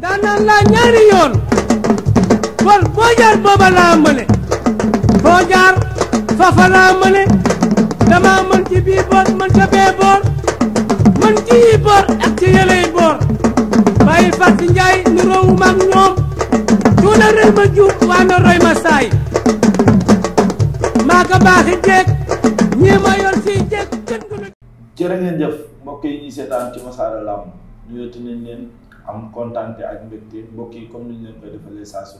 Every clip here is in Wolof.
ndaanaan laa ñaari yoon kon boo booba laa mëne foo jaar laa mëne dama mën ci mën ca mën ci yi boor boor bàyyi fàtt njaay nu roowu maag ñoom cuuna rëy ma juub waa na roy maa ko baaxi ñii ma yor siy jeeg gën gu jërë ngeen jëf mbokk seetaan ci Wassare Lamb ñu yottu nañ am kontante ak mbégte mbokk yi comme ni ñu leen koy defalee saa su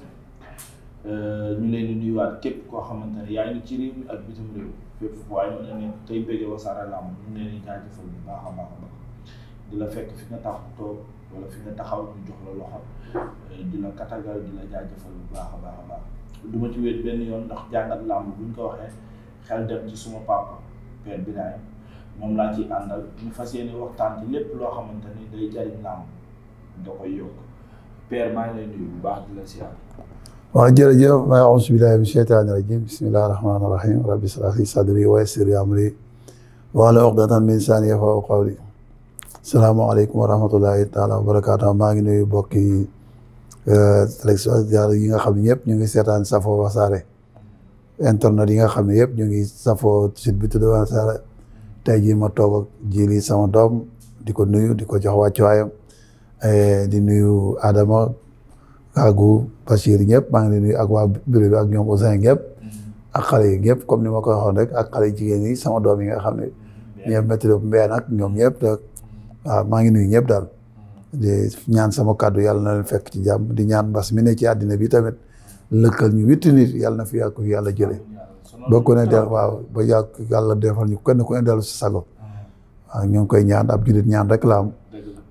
euh, ñu leen di nuyuwaat képp koo xamante ne yaa ngi ci réew mi ak bitim réew fépp waaye mën na ne tey bëgg Wassare Lamb ñu leen di bu baax a baax la fekk fi nga tax toog wala fi nga taxaw la loxo euh, di la katagal di la jaajëfal bu baax a baax du ma ci wéet benn yoon ndax jàngat làmb buñ ko waxee xel dem ci suma papa Père Birahim moom laa ciy àndal ñu fas yéene waxtaan ci lépp loo xamante ni day jariñ làmb nga koy yokk père maa ngi lay nuyu bu baax di la siyaar. waaw jërëjëf maa ngi auzu billaahi mina sheytaani rajiim bismillaahi rahmaani maa ngi nuyu bokki eh, téléspectateurs nga xam ñëpp ñu ngi seetaan safoo wasaare internet yi nga xam ne yëpp ñu ngi safoo site wasaare tey jii ma toog ak jili sama doom di ko nuyu di ko jox wàccuwaayam Eh, di nuyu Adama Kaagu Bachir ñëpp maa ngi di nuyu ak waa bureau bi ak ñoom Ousin ñëpp mm-hmm. ak xale yi ñëpp comme ni ma ko waxoon rek ak xale jigéen yi sama doom yi nga xam ne mm-hmm. ñoom météo mbéy ak ñoom ñëpp mm-hmm. waaw maa ngi nuyu ñëpp daal di ñaan sama kàddu yàlla na leen fekk ci jàmm di ñaan mbas mi ne ci àddina bi tamit lëkkal ñu witti nit na fi yàgg yàlla jëlee ba ku ne del waaw ba yàgg yàlla defal ñu kenn ku ne dellu si sago waaw ñoo ngi koy ñaan ab jullit ñaan rek la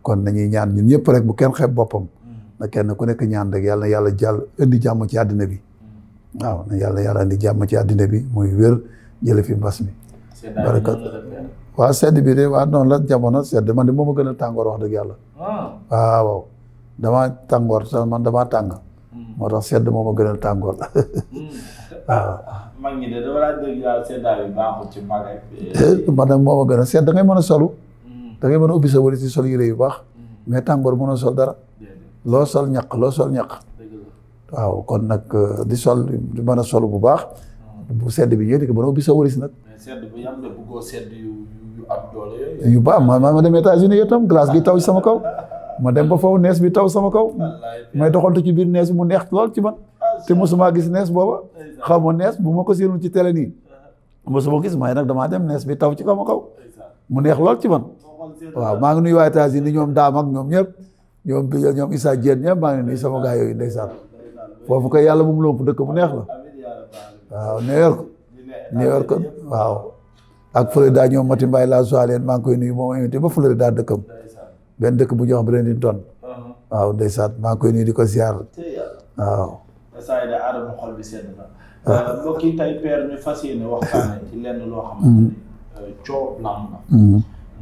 kon nañuy ñaan ñun ñëpp rek bu kenn xeeb boppam mm. na kenn ku nekk ñaan rek yàlla na yàlla jàll indi jàmm ci àddina bi mm. yàlla yàlla indi jàmm ci àddina bi muy wér jële fi mbas mi sedd bi de wa noonu la jamono sedd man de moom a gën a tàngoor wax dëgg yàlla ah. waaw tàngoor sax man damaa tàng mm. moo tax sedd moom a gën a tàngoor waaw dama laa dégg daal seddaay bi baaxul ci mag eh, man gën sedd da ngay a solu dangay ngay mën a ubbi sa wari si sol yére yu baax mais tàngoor mënoo sol dara loo sol ñaq loo sol ñaq waaw kon nag euh, di sol di mën a sol bu baax bu sedd bi ñëwee di ko mën a nag. mais sedd yu yu am doole yooyu. yu ma dem États-Unis yow tam glace bi taw sama kaw ma dem ba foofu nees bi taw sama kaw may doxantu ci biir nees mu neex lool ci man ah, te mosuma gis nees booba xaw ma nees bu ma ko séenul ci télé nii uh-huh. mosuma gis may nag damaa dem nees bi taw ci kaw ma kaw mu neex lool ci man. waaw maa ngi nuy waa États-Unis ñoom daam ak ñoom ñëpp ñoom bi ñoom Issa Diène maa ngi nuyu sama gaa yooyu ndeysaan foofu koy yàlla moom lomp dëkk bu neex la waaw New York New York waaw ak Florida ñoom Mati Mbaye laa soileen maa ngi koy nuyu moom invité ba Florida dëkkam benn dëkk bu jox Bradenton waaw ndeysaan maa ngi koy nuyu di ko ziar waaw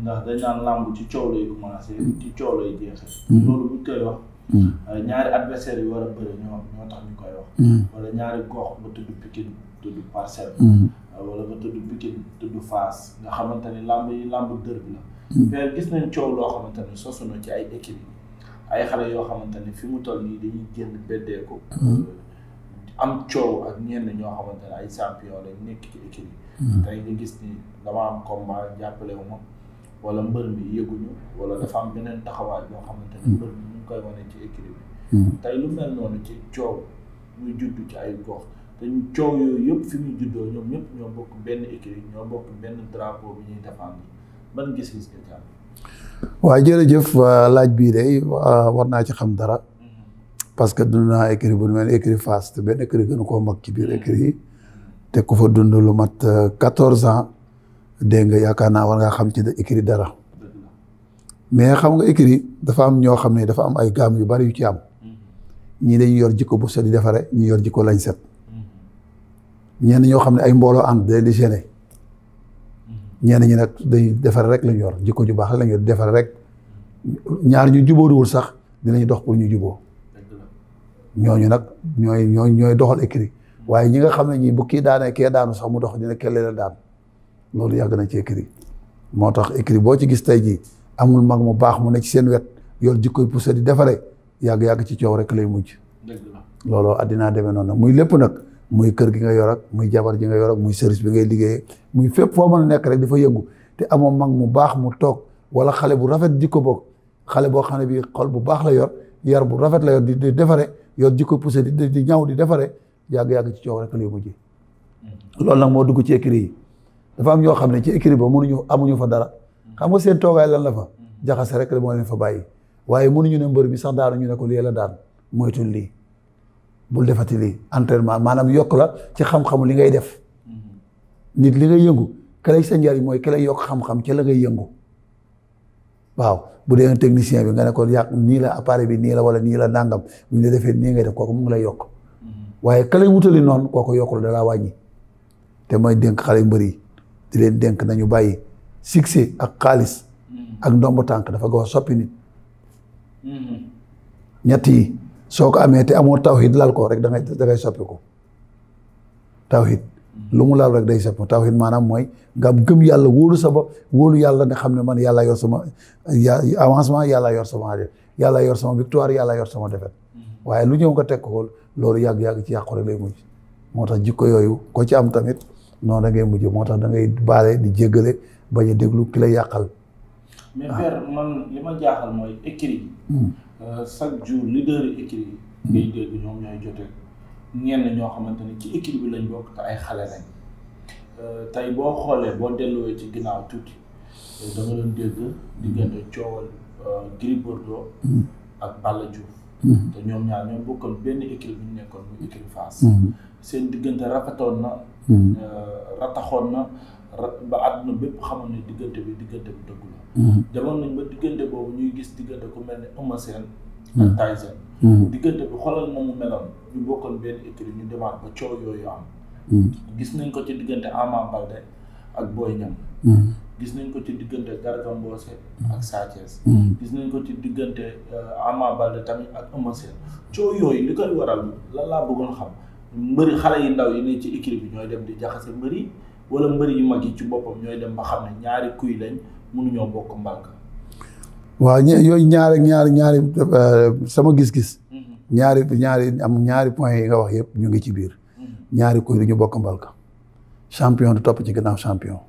ndax dañ naan làmb ci coow lay commencé ci coow lay jeexee. Mm. loolu buñ koy wax. Mm. Euh, ñaari adversaire yi war a bëri ñoo ñoo tax ñu koy wax. Mm. wala ñaari gox nga tudd Pikine tudd Parcelles. Euh, wala nga tudd Pikine tudd Fass nga xamante ni làmb yi làmb dër bi la. gis nañ coow loo xamante ni sosu ci ay équipe ay xale yoo xamante ni fi mu toll nii dañuy génn beddee ko. Euh, am coow ak ñenn ñoo xamante ne ay champion lañ nekk ci équipe yi. tey nga gis ni dama am combat jàppale wu wala mbër mi yëguñu wala dafa am beneen taxawaay boo xamante ne hmm. mbër mi ñu ngi wane ci écrit bi hmm. tey lu mel noonu ci coow muy judd ci ay gox te coow yooyu yëpp fi muy juddoo ñoom ñëpp ñoo bokk benn écrit ñoo bokk benn drapeau bi ñuy défendre ban gis-gis nga jàll waaw jërëjëf laaj bii de war naa ci xam dara hmm. parce que dund naa écrit bu mel écrit Fass te benn écrit gënu koo mag ci biir écrit te ku fa dund lu mat euh, quatorze ans dégg nga yaakaar naa war ngaa xam ci écrit dara mais xam nga écrit dafa am ñoo xam ne dafa am ay gaam yu bari yu ci am ñii dañuy yor jikko bu set di defaree ñu yor jikko lañ set ñenn ñoo xam ne ay mbooloo ànd day di gêné ñenn ñi nag dañuy defare rek lañ yor jikko ju baax lañ yor di rek ñaar ñu jubóoruwul sax dinañ dox pour ñu juboo ñooñu nag ñooy ñooy ñooy doxal écrit waaye ñi nga xam ne ñi bu kii daanee kee daanu sax mu dox dina kelle la daan loolu yàgg na ci écrit moo tax écrit boo ci gis tey jii amul mag mu baax mu nekk ci seen wet yor jikkoy poussé di defare yàgg-yàgg ci coow rek lay mujj looloo addinaa demee noonu muy lépp nag muy kër gi nga yor ak muy jabar ji nga yor muy service bi ngay liggéeyee muy fépp foo mën nekk rek dafa yëngu te amoo mag mu baax mu toog wala xale bu rafet jikko boog xale boo xam ne bii xol bu baax la yor yar bu rafet la yor di defaree defare yor jikko poussé di di ñaw di defare yàgg-yàgg ci coow rek lay mujj mm-hmm. loolu nag moo dugg ci écrit yi dafa am ñoo xam ne ci écrit ba mënuñu amuñu fa dara xam nga seen toogaay lan la fa jaxase rek la moo leen fa bàyyi waaye mënuñu ne mbër bi sax daanu ñu ne ko lii la daan moytul lii bul defati lii entraînement maanaam yokk la ci xam li ngay def nit li ngay yëngu ka lay sa mooy ka yokk xam ci la ngay yëngu waaw bu dee technicien bi nga ne yàq nii la appareil bi nii la wala nii la nangam bu ñu ngay def kooku mu ngi lay yokk mm-hmm. waaye ka lay wutali noonu kooku yokkul da laa te mooy dénk xale yu mbër di leen dénk nañu bàyyi succès ak xaalis ak ndomb tànk dafa gaaw a soppi nit ñett yi soo ko amee te amoo tawhid laal ko rek da ngay da ngay soppi ko tawhid lu mu laal rek day soppi tawhid maanaam mooy nga gëm yàlla wóolu sa bopp wóolu yàlla ne xam ne man yàlla yor sama avancement yàlla yor sama def yàlla yor sama victoire yàlla yor sama défaite waaye lu ñëw nga teg ko loolu yàgg-yàgg ci yàqu rek lay mujj moo tax jikko yooyu ko ci am tamit noonu da ngay mujj moo tax dangay ngay baale di jéggale bañ a déglu ki la yàqal. mais père ah. man li ma jaaxal mooy écrit yi. Hmm. Euh, chaque jour leader yi écrit yi. Hmm. ngay dégg ñoom ñooy jotee ñenn ñoo xamante ne ci écrit bi lañ bokk te ay xale lañ euh, tey boo xoolee boo delluwee ci ginnaaw tuuti da nga doon dégg diggante coowal euh, Gris hmm. ak Balla Diouf. Mhm. te ñoom ñaar ñoo bokkoon benn équipe bu ñu nekkoon muy équipe Fass. Mhm. seen diggante rafetoon na. Mhm. Euh, rataxoon na ba àdduna bépp xamoon ne diggante bi diggante bi dëgg la. demoon nañ ba diggante boobu ñuy gis diggante ku mel ne Eumeu Sène ak Tyson. diggante bi xoolal na mu meloon ñu bokkoon benn équipe ñu demaat ba coow yooyu am. gis nañ ko ci diggante Ama Baldé ak Boy Niang. gis nañ ko ci diggante Garga Mbossé mm. ak Sa mm. gis nañ ko ci diggante euh, Ama Baldé tamit ak Eumeu Sène coow yooyu li koy waral lan laa bëggoon xam mbëri xale yu ndaw yi ne ci équipe bi ñooy dem di jaxase mbëri wala mbëri yu mag yi ci boppam ñooy dem ba xam ne ñaari kuy lañ mënuñoo bokk mbalka waaw ñ yooyu ñaari ñaari ñaari euh, sama gis-gis mm-hmm. ñaari ñaari am ñaari point yi nga wax yëpp ñu ngi ci biir mm-hmm. ñaari kuy du ñu bokk mbalka champion du topp ci gannaaw champion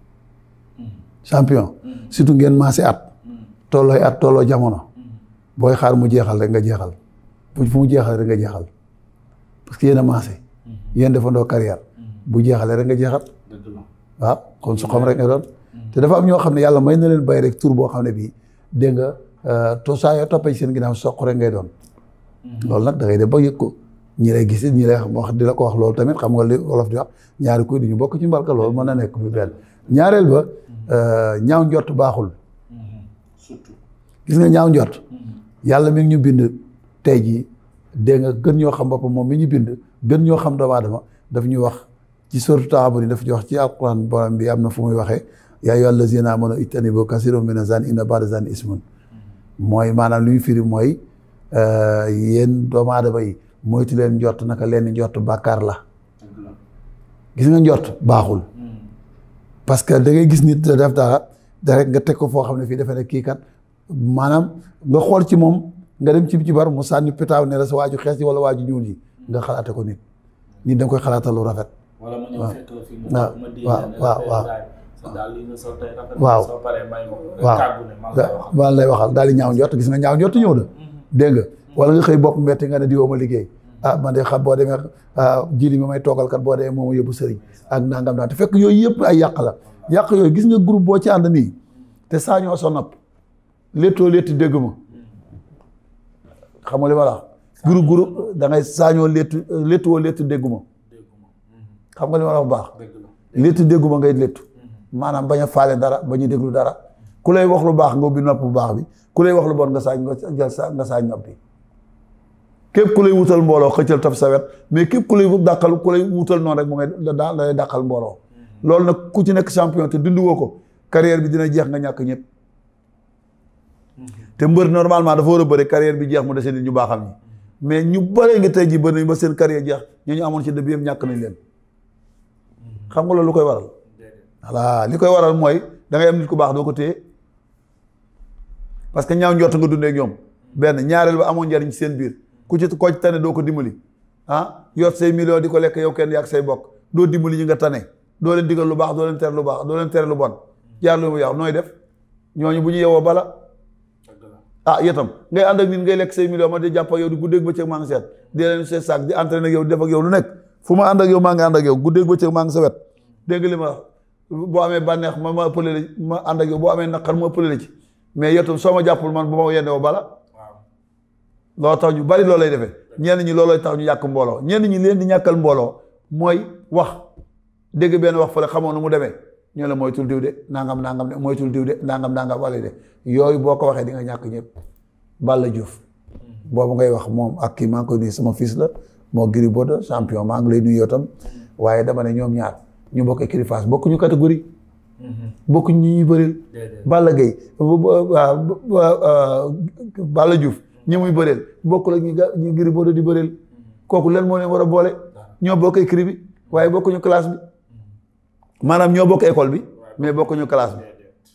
champion mm. surtout ngeen maase at mm. tollooy at tolloo jamono mm. booy xaar mu jeexal rek nga jeexal bu fu mu jeexal rek nga jeexal parce que yéen a maase yéen defandoo carrière bu jeexalee rek nga jeexal waaw kon su xam rek nga doon te dafa am ñoo xam ne yàlla may na leen bay rek tur boo xam ne bii dégg nga euh, to saa yoo toppee seen ginnaaw soq rek ngay doon lool nag da ngay ba yëg ko ñi lay gis ñi lay wax di la ko wax loolu tamit xam nga li wolof di wax ñu bokk ci mbarka loolu mën na nekk fi Euh, ñaaw njort baaxul. Mhm. surtout. gis nga ñaaw njort. Mhm. yàlla mi ngi ñu bind tey jii dégg nga gën ñoo xam boppam moom mi ñu bind gën ñoo xam doomu aadama daf ñu wax ci sourate Tahammud daf ñu wax ci alquran borom bi am na fu muy waxee. yaa ayyuha allazina amanu ijtanibu kasiran mina zanni inna ba'da zanni ismun mhm. mooy maanaam lu ñu firi mooy euh, yéen doomu aadama yi mooy moytu leen njort naka leen njort bàkkaar la. gis nga njot baaxul. parce que da ngay gis nit da def dara da rek nga teg ko foo xam ne fii defe ne kii kat maanaam nga xool ci moom nga dem ci ci bar mu sànni pétaaw ne la sa waaju xees yi wala waaju ñuul yi nga xalaate ko nit nit da nga koy xalaatal lu rafet. wala mu ñëw fekk la fi mu waaw waaw waaw waaw waaw waaw lay waxal daal di ñaaw njort gis nga ñaaw njort ñëw na mm-hmm. dégg nga wala nga xëy bopp metti nga ne diwoo ma liggéey mm-hmm. ah man de xam boo demee ah, jili mi may toogal kat boo demee mooma yóbbu sëriñ ak nangam daal te fekk yooyu yëpp ay yàq la yàq yooyu gis nga groupe boo ci ànd nii te saañoo sa nopp léttoo létt dégg ma xam nga li ma la groupe groupe da létt léttoo létt dégg ma xam nga li ma la bu baax létt déggu ma ngay léttu maanaam bañ faale dara bañ a déglu dara ku lay wax lu baax nga ubbi nopp bu baax bi ku lay wax lu bon nga saa nga saa nga saa nopp bi képp ku lay wutal mbooloo xëccal taf sawet mais képp ku lay dàqal ku lay wutal noonu rek mu ngay da lay dàqal mbooloo loolu nag ku ci nekk champion te dund woo ko carrière bi dina jeex nga ñàkk ñëpp mhm. te mbër normalement dafa war a bëri carrière bi jeex mu seen nit ñu baaxal ñi mais ñu bëree ngi tey ji bër nañ ba seen carrière jeex ñu ñu amoon ci dëbb yëpp ñàkk nañ leen mhm. xam nga loolu lu koy waral voilà li koy waral mooy da ngay am nit baax doo ko téye parce que ñaaw njort nga dundee mhm. benn ñaareel ba amoon njariñ seen biir ku ci koo ci tane doo ko dimbali ah yor say millions di ko lekk yow kenn yàgg say bokk doo dimbali ñi nga tane doo leen digal lu baax doo leen tere lu baax doo leen tere lu bon jaar lu mu yàqu def bu ñu yewoo bala ah yetam ngay ànd ak nit ngay lekk say millions ma di jàpp ak yow di guddeeg bëccëg maa ngi seet di leen see saak di entraîné ak yow di def ak lu nekk fu ma ànd ak yow maa ngi ànd ak yow guddeeg bëccëg maa ngi sa wet dégg nga li ma boo amee bànneex ma ma pële ma ànd ak yow boo amee naqar ma pële la ci mais yetam soo ma jàppul man bu ma yendoo bala loo tax ñu bari loolay defee ñenn ñi loolooy tax ñu yàkk mbooloo ñenn ñi leen di ñàkkal mbooloo mooy wax dégg benn wax fële xamoon nu mu demee ñu la moytul diw de nangam nangam de moytul diw de nangam nangam wala de yooyu boo ko waxee dinga ñàkk ñëpp Balla Diouf boobu ngay wax moom ak kii maa sama fils la moo boo Bordeaux champion maa ngi lay nuyu tam waaye dama ne ñoom ñaar ñu bokk écurie Fass bokkuñu catégorie. Mm-hmm. bokkuñ ñi ñuy bëril. Balla Gaye euh, Balla Diouf ñi muy bëreel bokk ak ñu ga ñu Gris Bordeaux di bëreel kooku lan moo leen war a boole ñoo bokk écrit bi waaye bokkuñu classe bi maanaam ñoo bokk école bi mais bokkuñu classe bi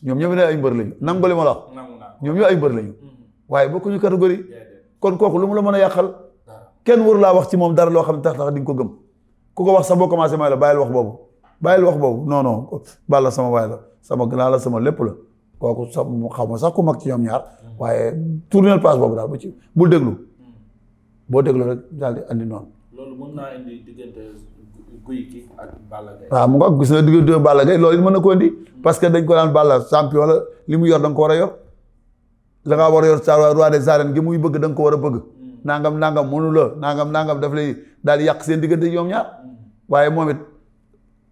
ñoom ñoo ne ay mbër lañu nangu li ma la wax ñoom ñoo ay mbër lañu waaye bokk bokkuñu catégorie kon kooku lu mu la mën a yàqal kenn waru laa wax ci moom dara loo xam ne tax tax di ko gëm ku ko wax sax boo commencé may la bàyyil wax boobu bàyyil wax boobu non non Balla sama waay sama gannaaw la sama lépp la. kooku sax mu xaw ma sax ku mag ci ñoom ñaar waaye tournel passe boobu daal bu ci bul déglu boo déglu rek daal di andi noonu. loolu mën naa indi diggante guy gi ak Balla Gaye. waaw na diggante Balla Gaye loolu it mën na ko indi parce que dañ ko daan Balla champion la li mu yor da nga ko war a yor la ngaa war a yor sa roi des arènes gi muy bëgg da ko war a bëgg. nangam nangam mënu la nangam nangam daf lay daal yàq seen diggante ñoom ñaar waaye moom it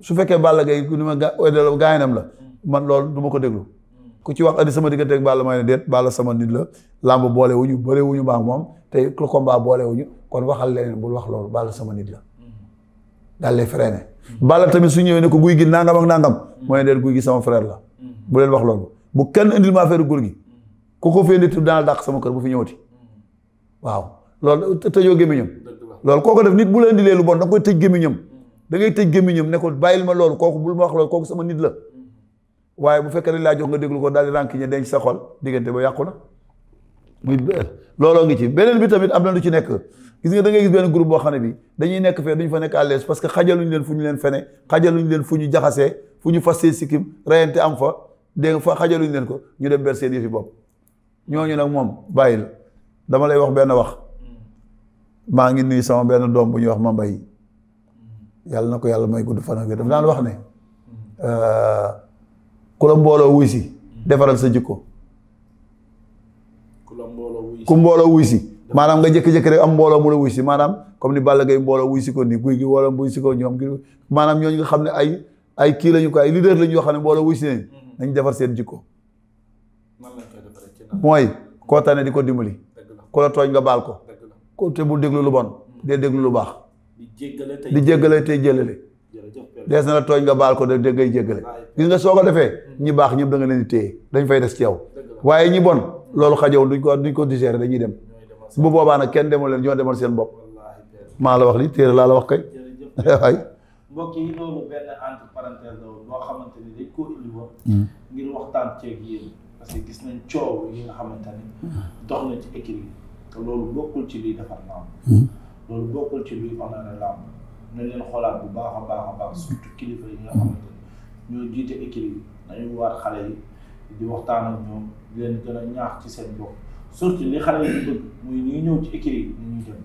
su fekkee Balla Gaye ni la man loolu ma ko ku ci wax andi sama diggante ak Balla may ne déet Balla sama nit la làmb boole wuñu wu ñu maak moom te ku combat boole wuñu kon waxal leneen bul wax loolu Balla sama nit la daal lay freiné mm-hmm. Balla tamit su ñëwee ne ko guy gi nangam ak nangam mm-hmm. mooy déet guy gi sama frère la mm-hmm. bu leen wax loolu bu kenn indil ma affaire góor gi ku ko fee nit daal dàq sama kër bu fi ñëwati waaw loolu tëjoo gémmiñam loolu koo ko def nit bu la indilee lu bon da nga koy tëj da ngay tëj gémmiñam ne ma loolu kooku bul ma wax loolu sama nit la waaye bu fekkee dañ laa jox nga déglu ko daal di rànkiñe denc sa xol diggante ba yàqu na muy looloo ngi ci beneen bi tamit am na lu ci nekk gis nga da ngay gis benn groupe boo xam ne bi dañuy nekk fee duñ fa nekk à l'aise parce que xajaluñ leen fu ñu leen fene xajaluñ leen fu ñu jaxasee fu ñu fasee sikkim rayante am fa dégg nga fa xajaluñ leen ko ñu dem ber seen yëfi bopp ñooñu nag moom bàyyi la dama lay wax benn wax maa ngi nuyu sama benn doom bu ñuy wax ma mbay yàlla na ko yàlla may gudd fan ak daf daan wax ne euh, ku la mbooloo wuy si defaral sa jikko ku mbooloo wuy si maanaam nga jëkk-jëkk rek am mbooloo mu la wuy si maanaam comme ni Balla gay mbooloo wuy si ko ni guy gi wala wuy si ko ñoom gi maanaam ñooñu nga xam ne ay ay kii lañu ko ay leader lañu yoo xam ne mbooloo wuy si nañ mm-hmm. nañ defar seen jikko mooy koo tane di ko dimbali ku la tooñ nga baal ko ko te bul déglu lu bon mm-hmm. dee déglu lu baax di jéggale tey jëlale dees na la tooñ nga baal ko da ngay jéggale gis nga soo ko defee ñi baax ñëpp da nga leen di téye dañ fay des ci yow waaye ñi bon loolu xajow duñ ko duñ ko digérer dañuy dem bu boobaa nag kenn demul leen ñoo demal seen bopp maa la wax li téere laa la wax kay waay mbokk yi loolu benn entre parenthèse la woon hmm. gis nañ coow ci loolu ci luy hmm. ci luy na leen xoolaat bu baax a baax baax surtout kilifa yi nga xamante ñoo jiite équipe yi dañuy waar xale yi di waxtaan ak ñoom leen gën a ñaax ci seen bopp surtout li xale yi bëgg muy ñuy ñëw ci équipe yi ñu dem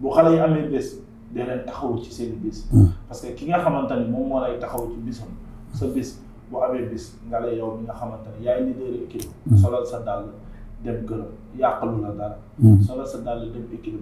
bu xale yi amee bés dee leen taxaw ci seen bés. Hmm. parce que ki nga xamante ni moom moo lay taxaw ci bésam sa bés bu amee bés nga lay yow mi nga xamante ne yaay leader équipe hmm. solal sa dàll dem gërëm yàqalu la dara. Hmm. solal sa dàll dem équipe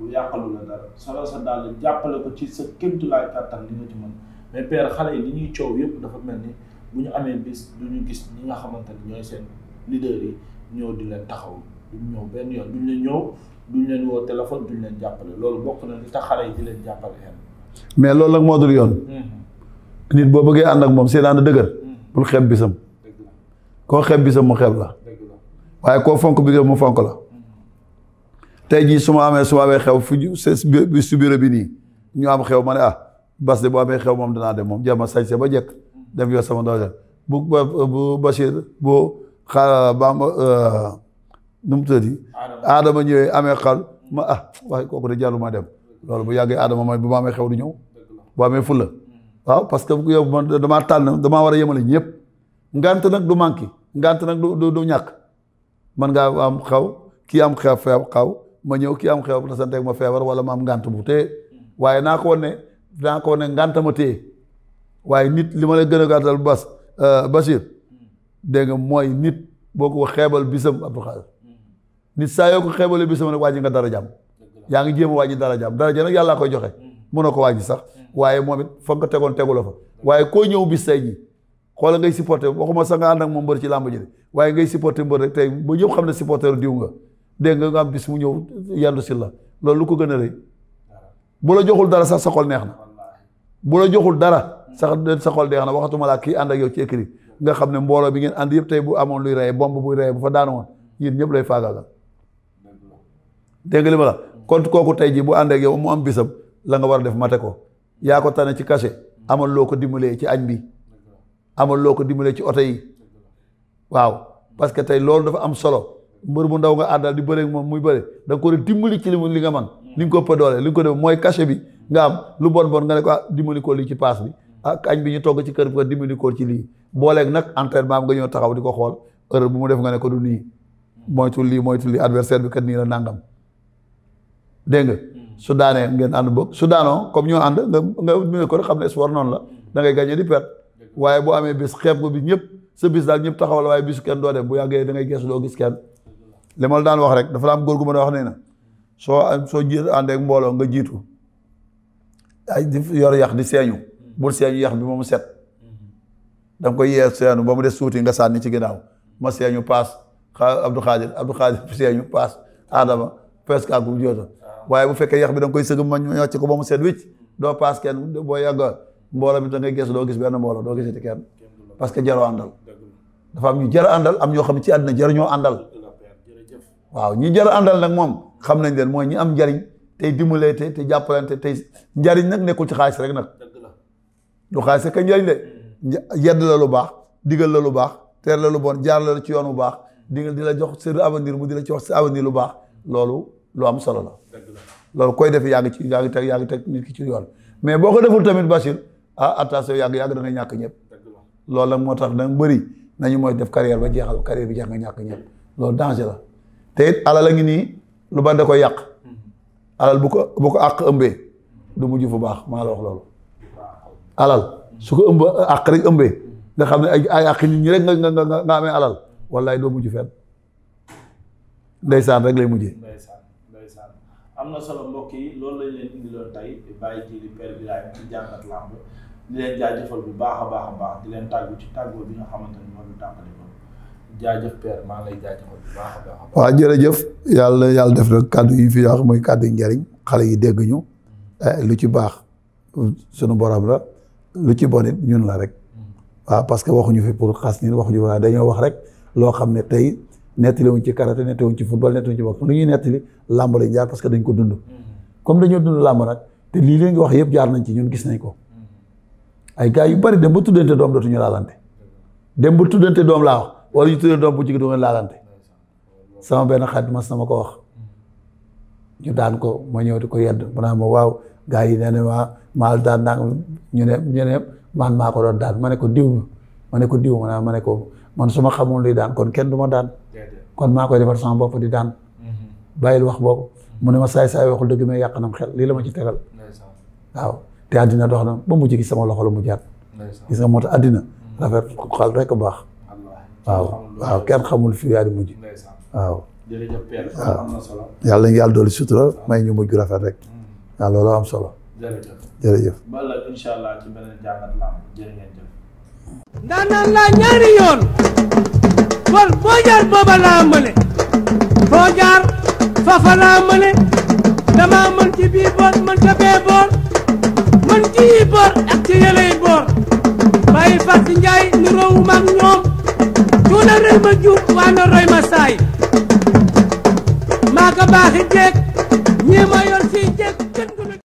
bu yàqalu la dara solo sa daal jàppale ko ci sa kéemtulaay kàttan li nga ci mën mais père xale yi li ñuy coow yëpp dafa mel ni bu ñu amee bis du ñu gis ñi nga xamante ni ñooy seen leader yi ñëw di leen taxaw duñ ñëw benn yoon duñ leen ñëw duñ leen woo téléphone duñ leen jàppale loolu bokk na li tax xale yi di leen jàppale xel. mais loolu nag moo dul yoon. Mm-hmm. nit boo bëggee ànd ak moom seen ànd dëgër. Mm-hmm. bul xeeb bisam. koo xeeb bisam mu xeeb la. waaye koo fonk bisam mu fonk la. tey jii su ma amee su ma amee xew fu ñu su bureau bi nii ñu am xew ma ne ah bas de bu amee xew moom danaa dem moom jéem a sañse ba jekk dem yoo sama doole bu bu Bachir bu xaaral Bamba euh, nu mu tëddi aadama ñëwee amee xal ma ah waaye kooku de jarul ma dem loolu bu yàggee aadama ma bu ma amee xew du ñëw bu amee fulla waaw parce que yow ma damaa tànn damaa war a yemale ñëpp ngant nag du manqué ngant nag du ñàkk man ngaa am xew kii am xew xaw ma ñëw kii am xew bu tasanteeg ma feebar wala ma am ngànt bu téye waaye naa ko ne naa ko ne ngànt ma téye waaye nit li ma la gën a gàttal bas euh, Bachir dégg mooy nit boo ko xeebal bisam Abdou Khadre nit saa yoo ko xeebalee bisam nag wàññi nga dara jàmm yaa ngi jéem a wàññi dara jàmm dara jàmm nag yàllaa koy joxe mënoo ko wàññi sax waaye moom it fa nga ko tegoon tegu fa waaye koo ñëw bis tey jii xoola ngay supporter waxuma sax nga ànd ak moom mbër ci làmb ji waaye ngay supporter mbër rek tey ba xam ne supporter diw nga dégg nga nga am bis mu ñëw yandu si la loolu lu ko gën a rëy bu la joxul dara sax sa neex na la joxul dara sax sa xol neex na waxatuma laa kii ànd ak yow ci écrit nga xam ne mbooloo bi ngeen yëpp tey bu amoon luy reye bomb buy reye bu fa daanu woon yéen ñëpp lay faagaagal nga li ma la kon kooku tey ji bu ànd ak yow mu am bisam la nga war a def mate ko yaa ko tane ci kase amal loo ko dimbalee ci añ bi amal loo ko dimbalee ci oto yi waaw parce que tey loolu dafa am solo mbër mu ndaw nga àddal di bëre ak moom muy bëre da nga ko dimbali ci li mu li nga man ni nga ko ëpp doole li nga ko def mooy cachet bi nga am lu bon bon nga ne ko ah dimbali ko lii ci paas bi ak ah añ bi ñu togg ci nga dimbali ko ci lii booleeg nag entraînement nga ñëw taxaw di ko xool erreur bu mu def nga ne ko du nii mooy lii moytu lii adversaire bi kat nii la nangam dégg nga su daanee ngeen ànd bokk su daanoo comme ñoo ànd nga nga ne ko xam ne sport noonu la da ngay gagné di perte waaye boo amee bis xeeb ko bi ñëpp taxaw la waaye bisu kenn doo dem da ngay gees doo gis kenn li ma daan wax rek dafa la am góor gu ma doon wax nee na soo soo jiit ànd mbooloo nga jiitu ay di yor yax di seeñu bul seeñu yax bi moom set da koy yee seenu ba mu des suuti nga sànni ci ginnaaw ma seeñu paas xa Abdou Khadir Abdou Khadir seeñu paas Adama presque ak bu jota waaye bu fekkee yax bi da koy sëgg ma ñocc ko ba mu set wicc doo paas kenn boo yàgg mbooloo mi da ngay gis doo gis benn mboolo doo gisati kenn parce que jaroo àndal dafa am ñu jar am ñoo xam ne ci àddina jar ñoo àndal waaw ñi jar àndal nag moom xam nañ leen mooy ñi am njariñ tey dimbalante te jàppalante tey njariñ nag nekkul ci xaalis rek nag du xaalis rek njariñ de mm-hmm. yedd la lu baax digal la lu baax teer la lu bon jaar la ci yoon bu baax digal di la jox sa mu di la ci wax sa avenir lu baax loolu lu am solo la loolu koy def yaa ci yaa ngi teg yaa ngi teg ci yoon mais boo ko deful tamit Bachir ah attention yàgg yàgg da ñàkk ñëpp loolu nag moo tax da nga bëri nañu mooy def carrière ba jeexal carrière bi jeex nga ñàkk ñëpp loolu danger la te it alal a ngi nii lu ban ko yàq alal bu ko bu ko àq ëmbee du mujj fu baax maa la wax loolu alal su ko ëmb àq rek ëmbee nga xam ne ay àq nit ñi rek nga nga nga amee alal wallaay doo mujj fenn ndeysaan rek lay mujjee am na solo mbokk yi loolu lañ leen indiloon tey bàyyi ji di Père Birahim ci jàngat di leen jaajëfal bu baax a baax a baax di leen tàggu ci tàggoo bi nga xamante ni moo du ko jaajëf Père maa lay jaajëfal bu baax waaw jërëjëf yàlla yàlla def na kàddu yi fi wax mooy kàddu njariñ xale yi dégg ñu eh, lu ci baax sunu borom la lu ci bon it ñun la rek waaw parce que waxuñu fi pour xas ni waxuñu waaye dañoo wax rek loo xam ne tey nettaliwuñ ci karaté nettaliwuñ ci football nettaliwuñ ci boxe lu ñuy nettali làmb lañ jaar parce que dañ ko dund. comme dañoo dund làmb nag te lii leen wax yëpp jaar nañ ci ñun gis nañ ko ay gars yu bari dem ba tuddante doom dootuñu laalante dem ba tuddante doom laa wala ñu tuddee doom bu jigéen du ngeen laalante sama benn xarit mas sama ko wax ñu daan ko ma ñëw di ko yedd mu naa ma waaw gaa yi nee na ma maal daan naa ñu ne ñu ne man maa ko doon daan ma ne ko diw ma ne ko diw ma ma ne ko man su ma xamoon luy daan kon kenn du ma daan kon maa koy defar sama bopp di daan mm-hmm. bàyyil wax boobu mm-hmm. mu ne ma saay-saay waxul dëgg mais yàq nam xel lii la ma ci tegal waaw te àddina dox na ba mujj gi sama loxo la mu jaar gis nga moo tax àddina mm-hmm. rafet xal baax waaw waaw kenn xamul fi yaa di mujj waaw jërëjëf Père yàlla yàlla doolu sutura may ñu mujj rafet rek hmm. waaw loolu am solo jërëjëf jërëjëf ba laa ñaari yoon kon boo jaar booba laa mëne foo jaar fafa laa mëne dama mën ci boor mën ca boor mën ci boor ak ci yëley boor bàyyi fas njaay nu roowu ñoom ku na rëy ma waa na roy ma maa ko baaxi jeeg ñii ma yor fii jeeg